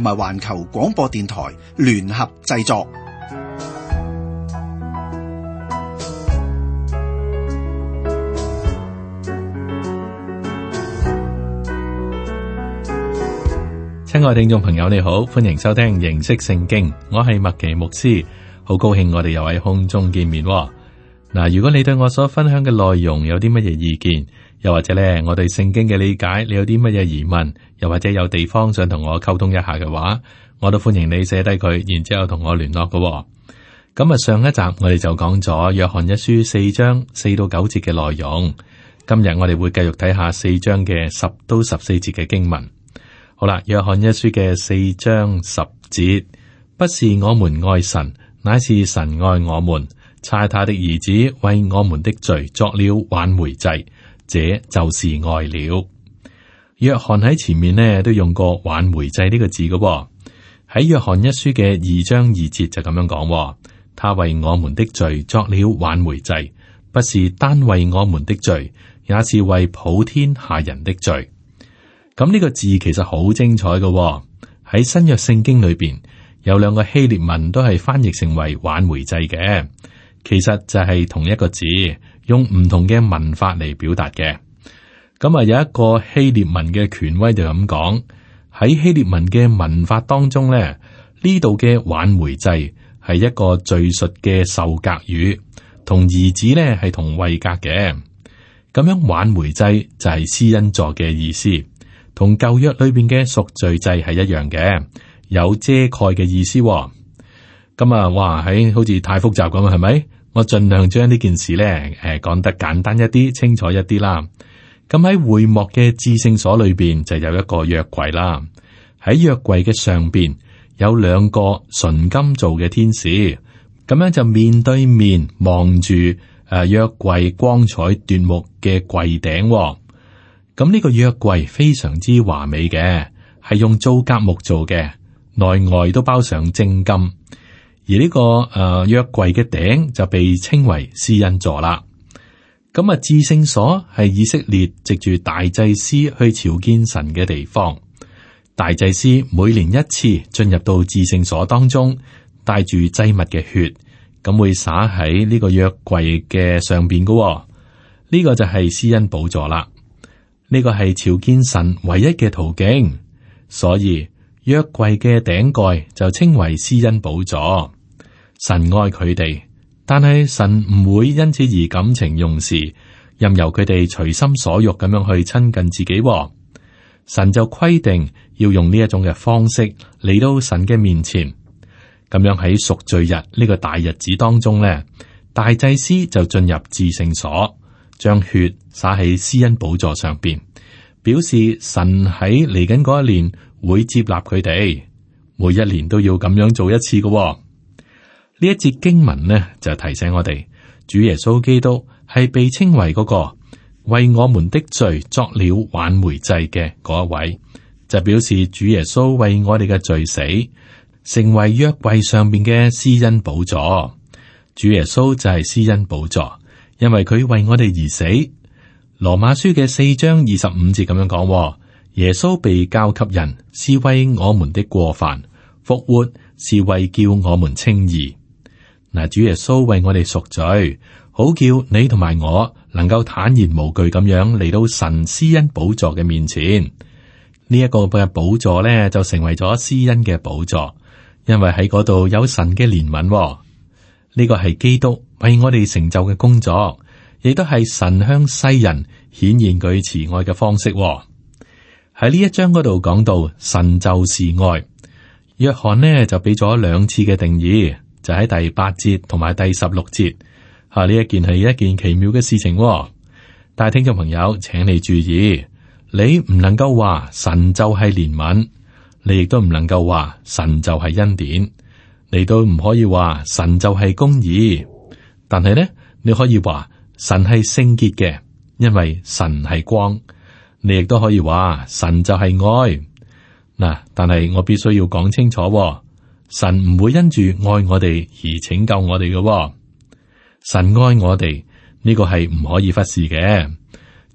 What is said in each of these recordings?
同埋環球廣播電台聯合製作。親愛聽眾朋友，你好，歡迎收聽認識聖經，我係麥其牧師，好高興我哋又喺空中見面。嗱，如果你對我所分享嘅內容有啲乜嘢意見，又或者咧，我對聖經嘅理解，你有啲乜嘢疑問？又或者有地方想同我溝通一下嘅話，我都歡迎你寫低佢，然之後同我聯絡嘅、哦。咁啊，上一集我哋就講咗《約翰一書》四章四到九節嘅內容。今日我哋會繼續睇下四章嘅十到十四節嘅經文。好啦，《約翰一書》嘅四章十節，不是我們愛神，乃是神愛我們，差他的兒子為我們的罪作了挽回祭。這就是愛了。約翰喺前面呢，都用過挽回祭呢，這個字嘅，哦。喺約翰一書嘅二章二節就咁樣講，哦：，他為我們的罪作了挽回祭，不是單為我們的罪，也是為普天下人的罪。咁呢個字其實好精彩嘅，哦。喺新約聖經裏邊，有兩個希臘文都係翻譯成為挽回祭嘅。其實就係同一個字，用唔同嘅文法嚟表達嘅。咁、嗯、啊，有一個希臘文嘅權威就咁講，喺希臘文嘅文法當中咧，呢度嘅挽回祭係一個敘述嘅受格語，呢同兒子咧係同位格嘅。咁樣挽回祭就係施恩座嘅意思，同舊約裏邊嘅贖罪祭係一樣嘅，有遮蓋嘅意思、哦。咁啊，哇，喺、欸、好似太複雜咁啊，係咪？我盡量將呢件事咧，誒、呃，講得簡單一啲，清楚一啲啦。咁喺會幕嘅至聖所裏邊就有一個約櫃啦。喺約櫃嘅上邊有兩個純金做嘅天使，咁樣就面對面望住誒約櫃光彩奪目嘅櫃頂。咁呢個約櫃非常之華美嘅，係用皂莢木做嘅，內外都包上正金。而呢、這個誒約櫃嘅頂就被稱為施恩座啦。咁啊，至聖所係以色列藉住大祭司去朝見神嘅地方。大祭司每年一次進入到至聖所當中，帶住祭物嘅血，咁會灑喺呢個約櫃嘅上邊噶、哦。呢、這個就係施恩寶座啦。呢、這個係朝見神唯一嘅途徑，所以約櫃嘅頂蓋就稱為施恩寶座。神愛佢哋，但係神唔會因此而感情用事，任由佢哋隨心所欲咁樣去親近自己、哦。神就規定要用呢一種嘅方式嚟到神嘅面前。咁樣喺贖罪日呢個大日子當中咧，大祭司就進入至聖所，將血灑喺施恩寶座上邊，表示神喺嚟緊嗰一年會接納佢哋。每一年都要咁樣做一次嘅、哦。呢一節經文呢，就提醒我哋，主耶穌基督係被稱為嗰、那個為我們的罪作了挽回祭嘅嗰一位，就表示主耶穌為我哋嘅罪死，成為約櫃上邊嘅施恩寶座。主耶穌就係施恩寶座，因為佢為我哋而死。羅馬書嘅四章二十五節咁樣講，耶穌被交給人，是為我們的過犯，復活，是為叫我們稱義。嗱，主耶穌為我哋贖罪，好叫你同埋我能夠坦然無懼咁樣嚟到神施恩寶座嘅面前。呢、這、一個嘅寶座咧，就成為咗施恩嘅寶座，因為喺嗰度有神嘅憐憫。呢、這個係基督為我哋成就嘅工作，亦都係神向世人顯現佢慈愛嘅方式、哦。喺呢一章嗰度講到神就是愛，約翰呢就俾咗兩次嘅定義。就喺第八節同埋第十六節，吓、啊、呢一件係一件奇妙嘅事情、哦。但係聽眾朋友，請你注意，你唔能夠話神就係憐憫，你亦都唔能夠話神就係恩典，你都唔可以話神就係公義。但係呢，你可以話神係聖潔嘅，因為神係光，你亦都可以話神就係愛。嗱、啊，但係我必須要講清楚、哦。神唔會因住愛我哋而拯救我哋嘅，哦，神愛我哋呢，呢個係唔可以忽視嘅。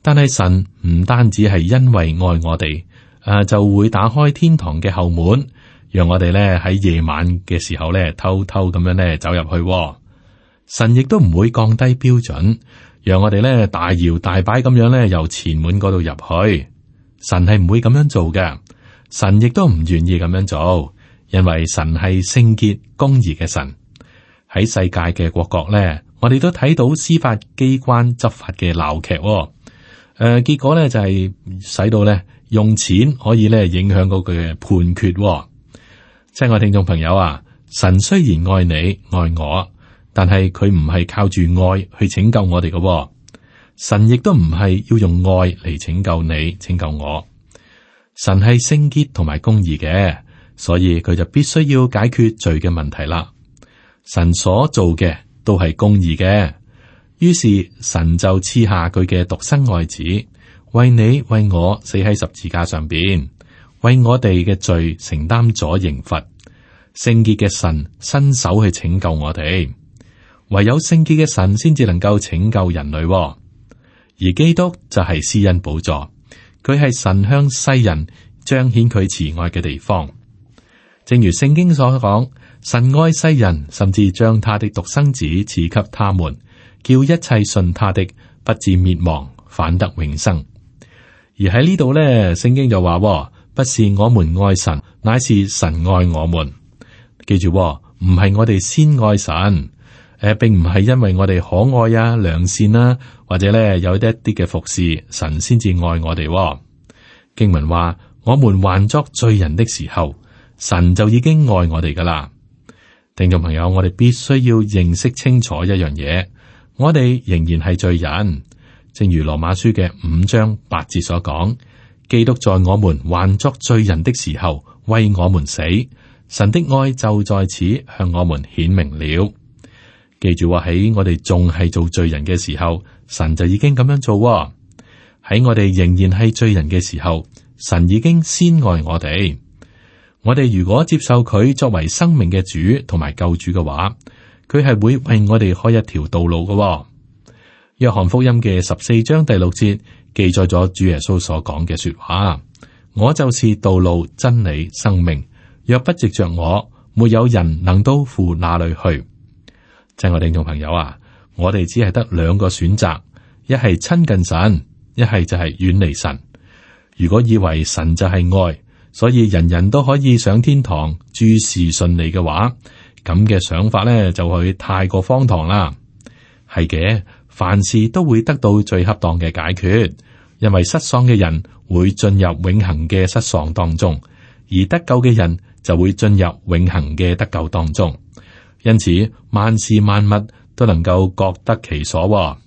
但係神唔單止係因為愛我哋，啊就會打開天堂嘅後門，讓我哋咧喺夜晚嘅時候咧偷偷咁樣咧走入去，哦。神亦都唔會降低標準，讓我哋咧大搖大擺咁樣咧由前門嗰度入去。神係唔會咁樣做嘅，神亦都唔願意咁樣做。因為神係聖潔公義嘅神，喺世界嘅各國咧，我哋都睇到司法機關執法嘅鬧劇，誒、呃，結果咧就係、是、使到咧用錢可以咧影響佢嘅判決、哦。親愛聽眾朋友啊，神雖然愛你愛我，但係佢唔係靠住愛去拯救我哋嘅、哦，神亦都唔係要用愛嚟拯救你拯救我。神係聖潔同埋公義嘅。所以佢就必須要解決罪嘅問題啦。神所做嘅都係公義嘅，於是神就賜下佢嘅獨生愛子，為你為我死喺十字架上邊，為我哋嘅罪承擔咗刑罰。聖潔嘅神伸手去拯救我哋，唯有聖潔嘅神先至能夠拯救人類，哦。而基督就係施恩寶座，佢係神向世人彰顯佢慈愛嘅地方。正如聖經所講，神愛世人，甚至將他的獨生子賜給他們，叫一切信他的不至滅亡，反得永生。而喺呢度咧，聖經就話、哦，不是我們愛神，乃是神愛我們。記住、哦，唔係我哋先愛神，誒、呃，並唔係因為我哋可愛啊、良善啊或者咧有啲一啲嘅服侍，神先至愛我哋、哦。經文話，我們還作罪人的時候。神就已經愛我哋噶啦，聽眾朋友，我哋必須要認識清楚一樣嘢，我哋仍然係罪人。正如羅馬書嘅五章八節所講，基督在我們還作罪人的時候為我們死，神的愛就在此向我們顯明了。記住，喺我哋仲係做罪人嘅時候，神就已經咁樣做；喺我哋仍然係罪人嘅時候，神已經先愛我哋。我哋如果接受佢作為生命嘅主同埋救主嘅話，佢係會為我哋開一條道路嘅、哦。約翰福音嘅十四章第六節記載咗主耶穌所講嘅說話：，我就是道路、真理、生命。若不藉着我，沒有人能到父那裏去。親愛聽眾朋友啊，我哋只係得兩個選擇：一係親近神，一係就係遠離神。如果以為神就係愛。所以人人都可以上天堂，諸事順利嘅話，咁嘅想法咧就會太過荒唐啦。係嘅，凡事都會得到最恰當嘅解決，因為失喪嘅人會進入永恆嘅失喪當中，而得救嘅人就會進入永恆嘅得救當中。因此，萬事萬物都能夠各得其所、哦。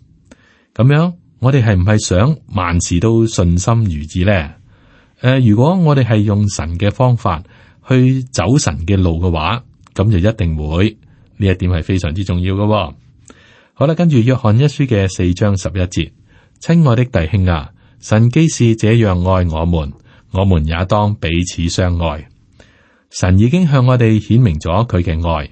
咁樣，我哋係唔係想萬事都順心如意咧？誒，如果我哋係用神嘅方法去走神嘅路嘅話，咁就一定會。呢一點係非常之重要嘅、哦。好啦，跟住約翰一書嘅四章十一節，親愛的弟兄啊，神既是這樣愛我們，我們也當彼此相愛。神已經向我哋顯明咗佢嘅愛，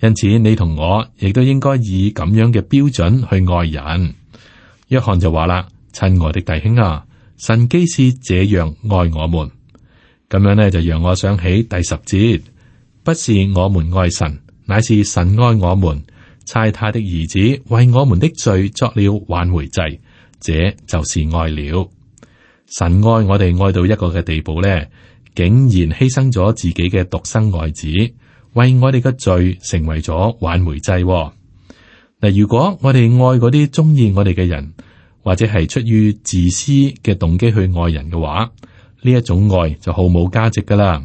因此你同我亦都應該以咁樣嘅標準去愛人。約翰就話啦：「親愛的弟兄啊！神既是這樣愛我們，咁樣呢，就讓我想起第十節，不是我們愛神，乃是神愛我們。差他的兒子為我們的罪作了挽回祭，這就是愛了。神愛我哋愛到一個嘅地步呢，竟然犧牲咗自己嘅獨生愛子，為我哋嘅罪成為咗挽回祭。嗱，如果我哋愛嗰啲中意我哋嘅人，或者係出於自私嘅動機去愛人嘅話，呢一種愛就毫無價值噶啦。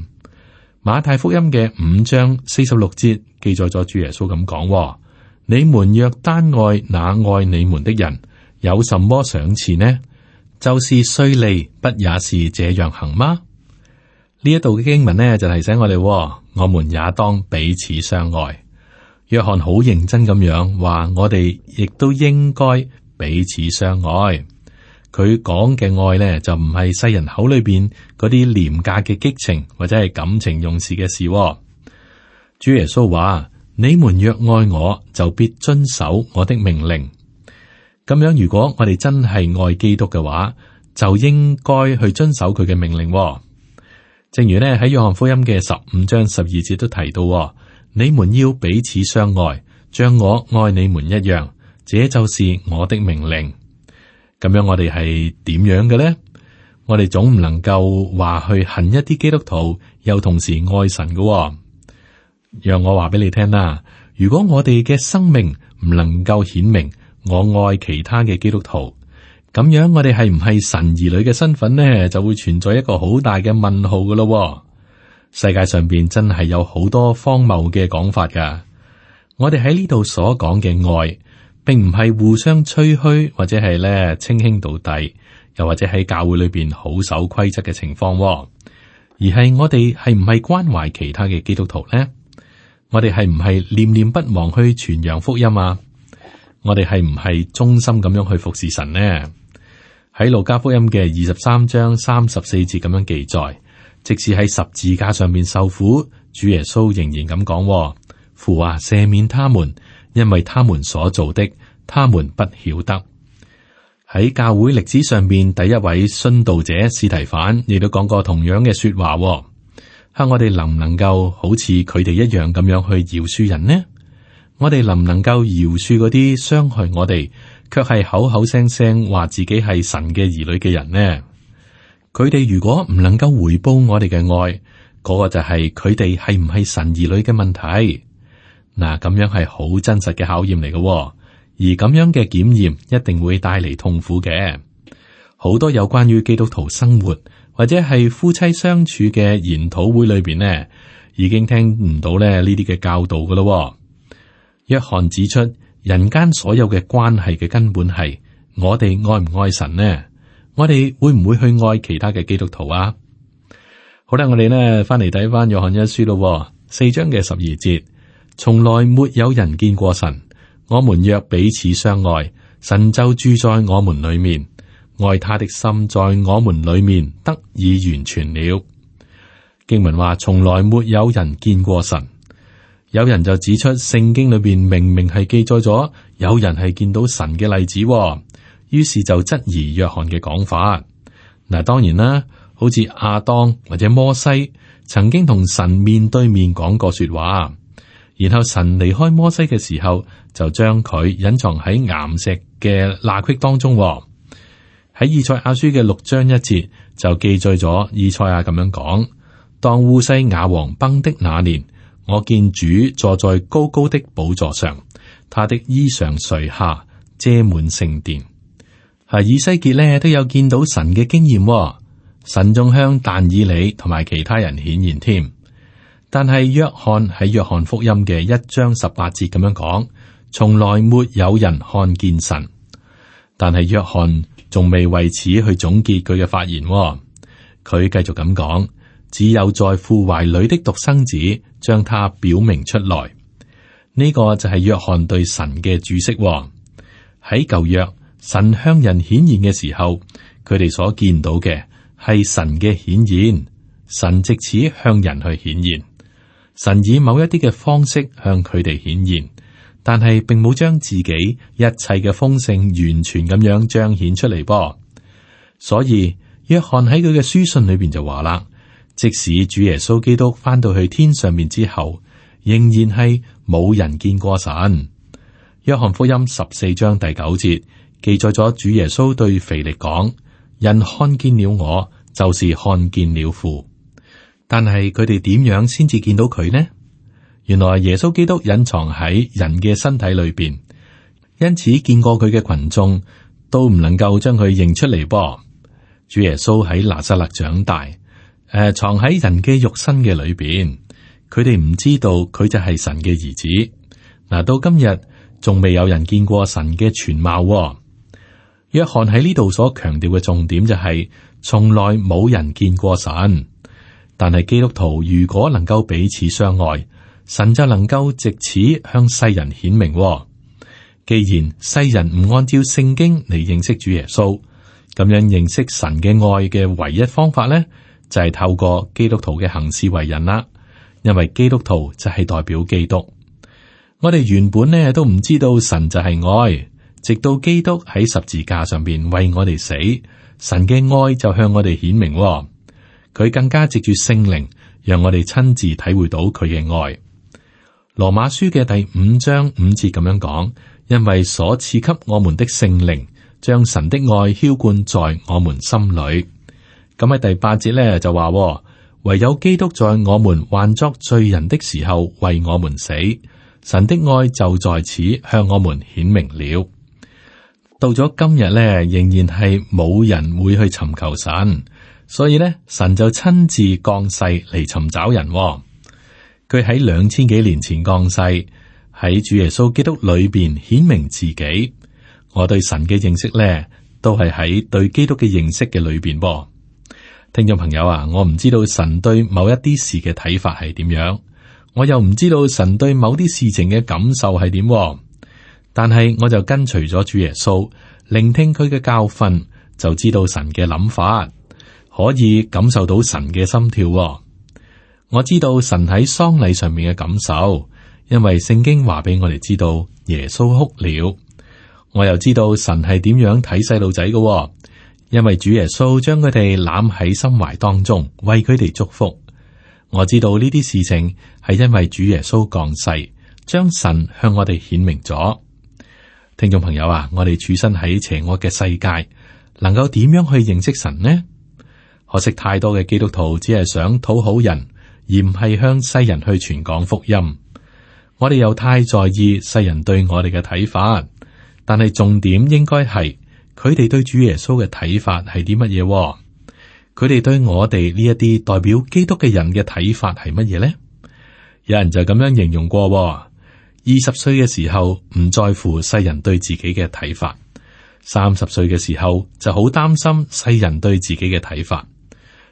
馬太福音嘅五章四十六節記載咗主耶穌咁講：你們若單愛那愛你們的人，有什麼賞賜呢？就是稅吏不也是這樣行嗎？呢一度嘅經文呢就提醒我哋，我們也當彼此相愛。約翰好認真咁樣話，我哋亦都應該。彼此相愛，佢講嘅愛咧就唔係世人口裏邊嗰啲廉價嘅激情或者係感情用事嘅事哦。主耶穌話：你們若愛我，就必遵守我的命令。咁樣如果我哋真係愛基督嘅話，就應該去遵守佢嘅命令哦。正如咧喺約翰福音嘅十五章十二節都提到哦，你們要彼此相愛，像我愛你們一樣。這就是我的命令。咁樣我哋係點樣嘅呢？我哋總唔能夠話去恨一啲基督徒，又同時愛神㗎喎。讓我話俾你聽啦，如果我哋嘅生命唔能夠顯明我愛其他嘅基督徒，咁樣我哋係唔係神兒女嘅身份呢？就會存在一個好大嘅問號㗎喇喎。世界上邊真係有好多荒謬嘅講法噶。我哋喺呢度所講嘅愛，並唔係互相吹噓，或者係咧稱兄道弟，又或者喺教會裏邊好守規則嘅情況，而係我哋係唔係關懷其他嘅基督徒呢？我哋係唔係念念不忘去傳揚福音啊？我哋係唔係忠心咁樣去服侍神呢？喺路加福音嘅二十三章三十四節咁樣記載，即使喺十字架上面受苦，主耶穌仍然咁講：父啊，赦免他們。因為他們所做的，他們不曉得。喺教會歷史上面，第一位殉道者斯提反亦都講過同樣嘅說話。吓、啊，我哋能唔能夠好似佢哋一樣咁樣去饒恕人呢？我哋能唔能夠饒恕嗰啲傷害我哋，却係口口聲聲話自己係神嘅兒女嘅人呢？佢哋如果唔能夠回報我哋嘅愛，嗰，那個就係佢哋係唔係神兒女嘅問題。嗱，咁樣係好真實嘅考驗嚟嘅哦，而咁樣嘅檢驗一定會帶嚟痛苦嘅。好多有關於基督徒生活或者係夫妻相處嘅研討會裏邊呢，已經聽唔到咧呢啲嘅教導噶啦。約翰指出，人間所有嘅關係嘅根本係我哋愛唔愛神呢？我哋會唔會去愛其他嘅基督徒啊？好啦，我哋呢翻嚟睇翻約翰一書咯，四章嘅十二節。從來沒有人見過神。我們若彼此相愛，神就住在我們裏面，愛他的心在我們裏面得以完全了。經文話，從來沒有人見過神，有人就指出聖經裏面明明係記載咗有人係見到神嘅例子，於是就質疑約翰嘅講法。嗱，當然啦，好似亞當或者摩西曾經同神面對面講過說話。然後神離開摩西嘅時候，就將佢隱藏喺岩石嘅罅隙當中、哦。喺以賽亞書嘅六章一節就記載咗，以賽亞咁樣講：當烏西雅王崩的那年，我見主坐在高高的寶座上，他的衣裳垂下，遮滿聖殿。喺、啊、以西結呢，都有見到神嘅經驗、哦，神仲向但以理，同埋其他人顯現添。但係約翰喺約翰福音嘅一章十八節咁樣講，從來沒有人看見神。但係約翰仲未為此去總結佢嘅發言、哦，佢繼續咁講：只有在父懷裏的獨生子將他表明出來。呢、這個就係約翰對神嘅注釋、哦。喺舊約神向人顯現嘅時候，佢哋所見到嘅係神嘅顯現，神借此向人去顯現。神以某一啲嘅方式向佢哋顯現，但係並冇將自己一切嘅豐盛完全咁樣彰顯出嚟噃。所以約翰喺佢嘅書信裏邊就話啦：即使主耶穌基督翻到去天上面之後，仍然係冇人見過神。約翰福音十四章第九節記載咗主耶穌對腓力講：人看見了我，就是看見了父。但係佢哋點樣先至見到佢呢？原來耶穌基督隱藏喺人嘅身體裏邊，因此見過佢嘅群眾都唔能夠將佢認出嚟噃。主耶穌喺拿撒勒長大，誒、呃，藏喺人嘅肉身嘅裏邊，佢哋唔知道佢就係神嘅兒子。嗱,到今日仲未有人見過神嘅全貌哦。約翰喺呢度所強調嘅重點就係是，從來冇人見過神。但係基督徒如果能夠彼此相愛，神就能夠借此向世人顯明哦。既然世人唔按照聖經嚟認識主耶穌，咁樣認識神嘅愛嘅唯一方法呢，就係透過基督徒嘅行事為人啦。因為基督徒就係代表基督。我哋原本呢都唔知道神就係愛，直到基督喺十字架上邊為我哋死，神嘅愛就向我哋顯明哦。佢更加藉住聖靈，讓我哋親自體會到佢嘅愛。羅馬書嘅第五章五節咁樣講：因為所賜給我們的聖靈，將神的愛澆灌在我們心裏。咁喺第八節咧就話：唯有基督在我們還作罪人的時候為我們死，神的愛就在此向我們顯明了。到咗今日咧，仍然係冇人會去尋求神。所以咧，神就親自降世嚟尋找人哦。佢喺兩千幾年前降世喺主耶穌基督裏邊顯明自己。我對神嘅認識咧，都係喺對基督嘅認識嘅裏邊噃。聽眾朋友啊，我唔知道神對某一啲事嘅睇法係點樣，我又唔知道神對某啲事情嘅感受係點哦，但係我就跟隨咗主耶穌聆聽佢嘅教訓，就知道神嘅諗法。可以感受到神嘅心跳哦。我知道神喺喪禮上面嘅感受，因為聖經話俾我哋知道耶穌哭了。我又知道神係點樣睇細路仔嘅，因為主耶穌將佢哋攬喺心懷當中，為佢哋祝福。我知道呢啲事情係因為主耶穌降世，將神向我哋顯明咗。聽眾朋友啊，我哋處身喺邪惡嘅世界，能夠點樣去認識神呢？可惜太多嘅基督徒只係想討好人，而唔係向世人去傳講福音。我哋又太在意世人對我哋嘅睇法，但係重點應該係佢哋對主耶穌嘅睇法係啲乜嘢。佢哋對我哋呢一啲代表基督嘅人嘅睇法係乜嘢咧？有人就咁樣形容過：二十歲嘅時候唔在乎世人對自己嘅睇法，三十歲嘅時候就好擔心世人對自己嘅睇法。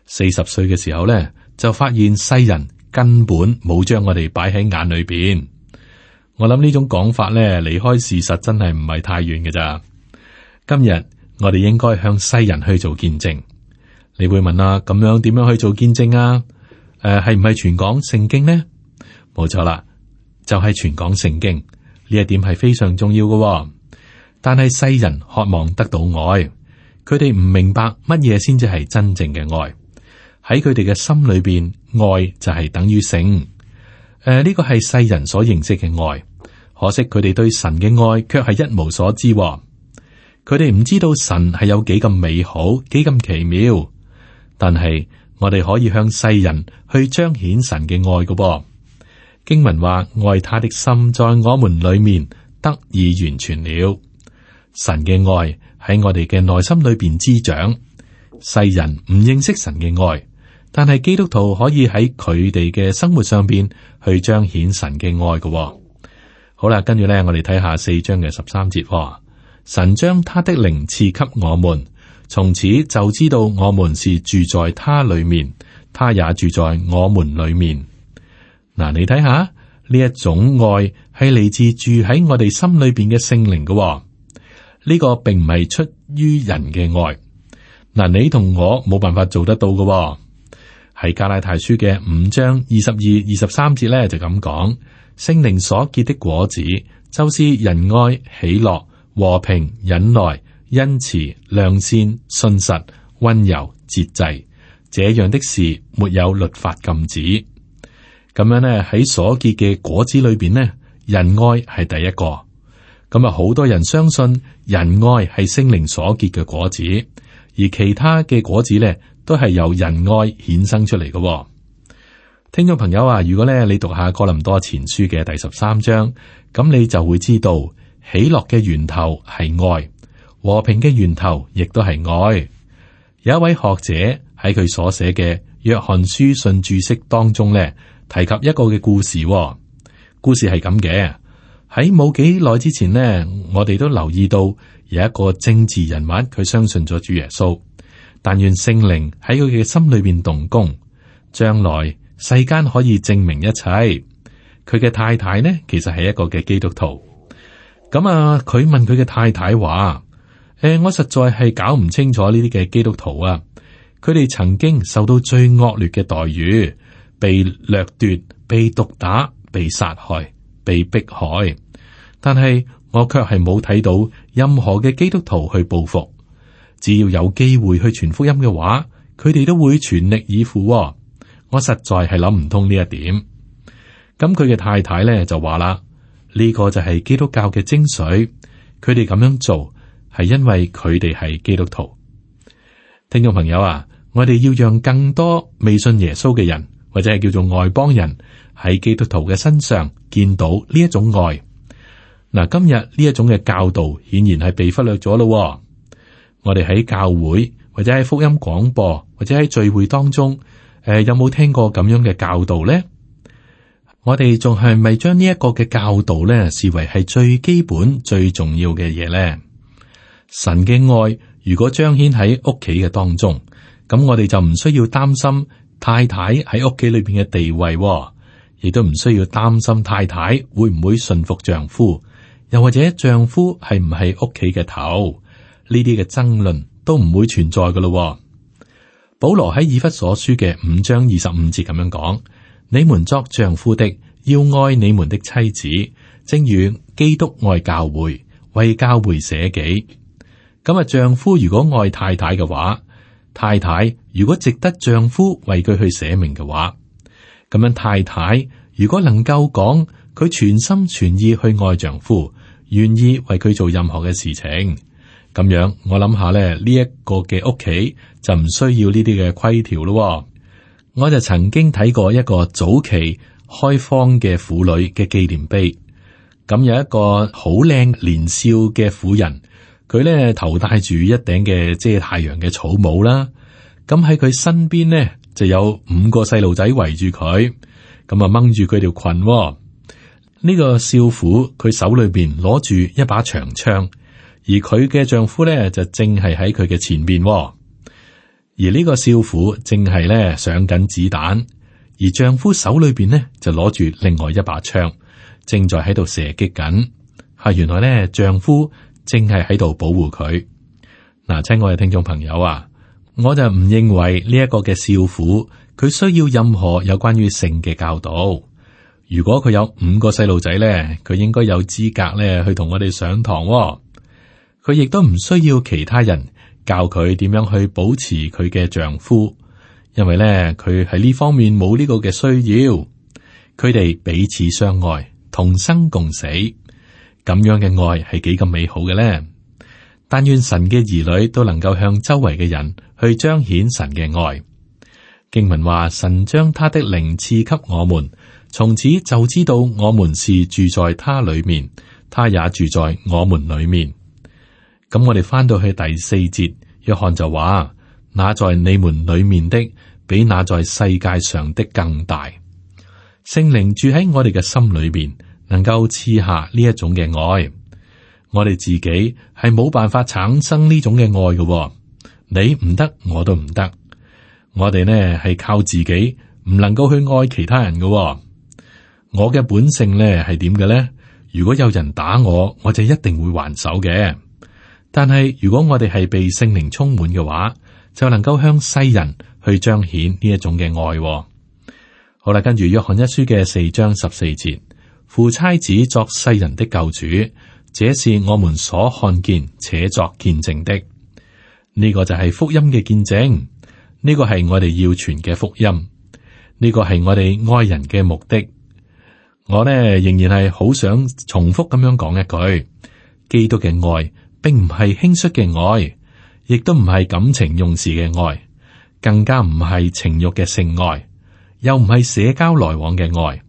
四十歲嘅時候咧，就發現世人根本冇將我哋擺喺眼裏邊。我諗呢種講法咧，離開事實真係唔係太遠嘅。咋今日我哋應該向世人去做見證。你會問啦、啊，咁樣點樣去做見證啊？誒、啊，係唔係全港聖經呢？冇錯啦，就係、是、全港聖經呢一點係非常重要嘅、哦。但係世人渴望得到愛，佢哋唔明白乜嘢先至係真正嘅愛。喺佢哋嘅心裏邊，愛就係等於性。誒、呃，呢、這個係世人所認識嘅愛。可惜佢哋對神嘅愛卻係一無所知、哦。佢哋唔知道神係有幾咁美好，幾咁奇妙。但係我哋可以向世人去彰顯神嘅愛嘅噃，經文話：愛他的心在我們裏面得以完全了。神嘅愛喺我哋嘅內心裏邊滋長。世人唔認識神嘅愛。但係基督徒可以喺佢哋嘅生活上邊去彰顯神嘅愛嘅、哦。好啦，跟住咧，我哋睇下四章嘅十三節話、哦：神將他的靈賜給我們，從此就知道我們是住在他裏面，他也住在我們裏面。嗱、呃，你睇下呢一種愛係嚟自住喺我哋心裏邊嘅聖靈嘅呢、哦呢個，並唔係出於人嘅愛。嗱、呃，你同我冇辦法做得到嘅、哦。喺《加拉太書》嘅五章二十二、二十三節咧就咁講，聖靈所結的果子，就是仁愛、喜樂、和平、忍耐、恩慈、良善、信實、溫柔、節制，這樣的事沒有律法禁止。咁樣呢，喺所結嘅果子裏邊呢，仁愛係第一個。咁啊，好多人相信仁愛係聖靈所結嘅果子，而其他嘅果子呢。都係由仁愛衍生出嚟㗎。哦，聽眾朋友啊，如果咧你讀下哥林多前書嘅第十三章，咁你就會知道喜樂嘅源頭係愛，和平嘅源頭亦都係愛。有一位學者喺佢所寫嘅約翰書信注釋當中咧，提及一個嘅故事。哦，故事係咁嘅。喺冇幾耐之前呢，我哋都留意到有一個政治人物，佢相信咗主耶穌。但願聖靈喺佢嘅心裏邊動工，將來世間可以證明一切。佢嘅太太呢，其實係一個嘅基督徒。咁啊，佢問佢嘅太太話：誒，我實在係搞唔清楚呢啲嘅基督徒啊，佢哋曾經受到最惡劣嘅待遇，被掠奪、被毒打、被殺害、被迫害，但係我卻係冇睇到任何嘅基督徒去報復。只要有機會去傳福音嘅話，佢哋都會全力以赴，哦。我實在係諗唔通呢一點。咁佢嘅太太咧就話啦：呢、這個就係基督教嘅精髓。佢哋咁樣做係因為佢哋係基督徒。聽眾朋友啊，我哋要讓更多未信耶穌嘅人或者係叫做外邦人喺基督徒嘅身上見到呢一種愛。嗱，今日呢一種嘅教導顯然係被忽略咗咯。我哋喺教會或者喺福音廣播或者喺聚會當中，誒、呃，有冇聽過咁樣嘅教導咧？我哋仲係咪將呢一個嘅教導咧，視為係最基本最重要嘅嘢咧？神嘅愛如果彰顯喺屋企嘅當中，咁我哋就唔需要擔心太太喺屋企裏邊嘅地位、哦，亦都唔需要擔心太太會唔會順服丈夫，又或者丈夫係唔係屋企嘅頭？呢啲嘅爭論都唔會存在嘅咯。保羅喺以弗所書嘅五章二十五節咁樣講：你們作丈夫的要愛你們的妻子，正如基督愛教會，為教會捨己。咁啊，丈夫如果愛太太嘅話，太太如果值得丈夫為佢去捨命嘅話，咁樣太太如果能夠講佢全心全意去愛丈夫，願意為佢做任何嘅事情。咁樣，我諗下咧，呢一個嘅屋企就唔需要呢啲嘅規條咯。我就曾經睇過一個早期開荒嘅婦女嘅紀念碑，咁有一個好靚年少嘅婦人，佢咧頭戴住一頂嘅遮太陽嘅草帽啦。咁喺佢身邊呢，就有五個細路仔圍住佢，咁啊掹住佢條裙喎。呢個少婦佢手裏邊攞住一把長槍。而佢嘅丈夫咧，就正係喺佢嘅前面，哦。而呢個少婦正係咧上緊子彈，而丈夫手裏邊呢，就攞住另外一把槍，正在喺度射擊緊。係、啊、原來咧，丈夫正係喺度保護佢嗱，啊。親愛嘅聽眾朋友啊，我就唔認為呢一個嘅少婦佢需要任何有關於性嘅教導。如果佢有五個細路仔咧，佢應該有資格咧去同我哋上堂，哦。佢亦都唔需要其他人教佢點樣去保持佢嘅丈夫，因為咧佢喺呢方面冇呢個嘅需要。佢哋彼此相愛，同生共死，咁樣嘅愛係幾咁美好嘅咧？但願神嘅兒女都能夠向周圍嘅人去彰顯神嘅愛。經文話：神將他的靈賜給我們，從此就知道我們是住在他裏面，他也住在我們裏面。咁我哋翻到去第四節，約翰就話，那在你們裏面的，比那在世界上的更大。聖靈住喺我哋嘅心裏邊，能夠賜下呢一種嘅愛。我哋自己係冇辦法產生呢種嘅愛嘅，哦。你唔得，我都唔得。我哋呢係靠自己，唔能夠去愛其他人嘅，哦。我嘅本性咧係點嘅咧？如果有人打我，我就一定會還手嘅。但係，如果我哋係被聖靈充滿嘅話，就能夠向世人去彰顯呢一種嘅愛、哦。好啦，跟住約翰一書嘅四章十四節，父差子作世人的救主，這是我們所看見且作見證的。呢個就係福音嘅見證，呢個係我哋要傳嘅福音，呢個係我哋愛人嘅目的。我呢，仍然係好想重複咁樣講一句：基督嘅愛。並唔係輕率嘅愛，亦都唔係感情用事嘅愛，更加唔係情欲嘅性愛，又唔係社交來往嘅愛，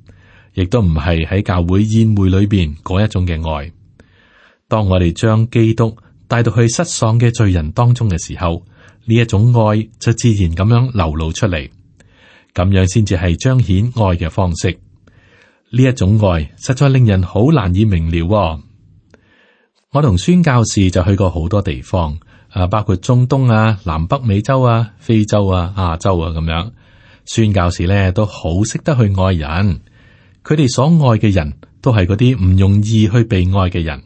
亦都唔係喺教會宴會裏邊嗰一種嘅愛。當我哋將基督帶到去失喪嘅罪人當中嘅時候，呢一種愛就自然咁樣流露出嚟，咁樣先至係彰顯愛嘅方式。呢一種愛實在令人好難以明了哦。我同宣教士就去過好多地方，啊，包括中東啊、南北美洲啊、非洲啊、亞洲啊咁樣。宣教士咧都好識得去愛人，佢哋所愛嘅人都係嗰啲唔容易去被愛嘅人，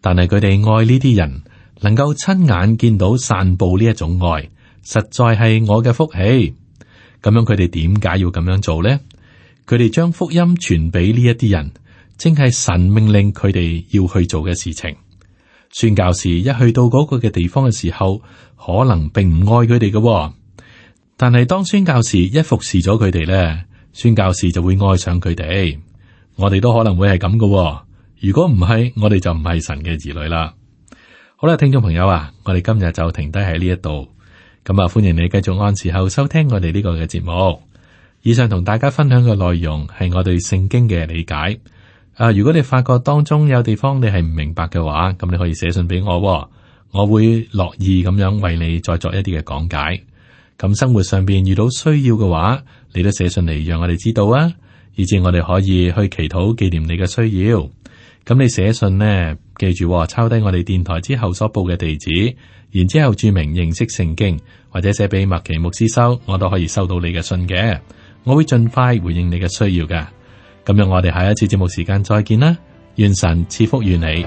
但係佢哋愛呢啲人，能夠親眼見到散布呢一種愛，實在係我嘅福氣。咁樣佢哋點解要咁樣做呢？佢哋將福音傳俾呢一啲人，正係神命令佢哋要去做嘅事情。宣教士一去到嗰個嘅地方嘅時候，可能並唔愛佢哋嘅，但係當宣教士一服侍咗佢哋咧，宣教士就會愛上佢哋。我哋都可能會係咁嘅，如果唔係，我哋就唔係神嘅兒女啦。好啦，聽眾朋友啊，我哋今日就停低喺呢一度，咁啊，歡迎你繼續按時候收聽我哋呢個嘅節目。以上同大家分享嘅內容係我對聖經嘅理解。啊！如果你發覺當中有地方你係唔明白嘅話，咁你可以寫信俾我，哦，我會樂意咁樣為你再作一啲嘅講解。咁生活上邊遇到需要嘅話，你都寫信嚟讓我哋知道啊，以至我哋可以去祈禱紀念你嘅需要。咁你寫信呢，記住，哦，抄低我哋電台之後所報嘅地址，然之後注明認識聖經或者寫俾麥奇牧師收，我都可以收到你嘅信嘅。我會盡快回應你嘅需要嘅。咁樣，我哋下一次節目時間再見啦！願神賜福於你。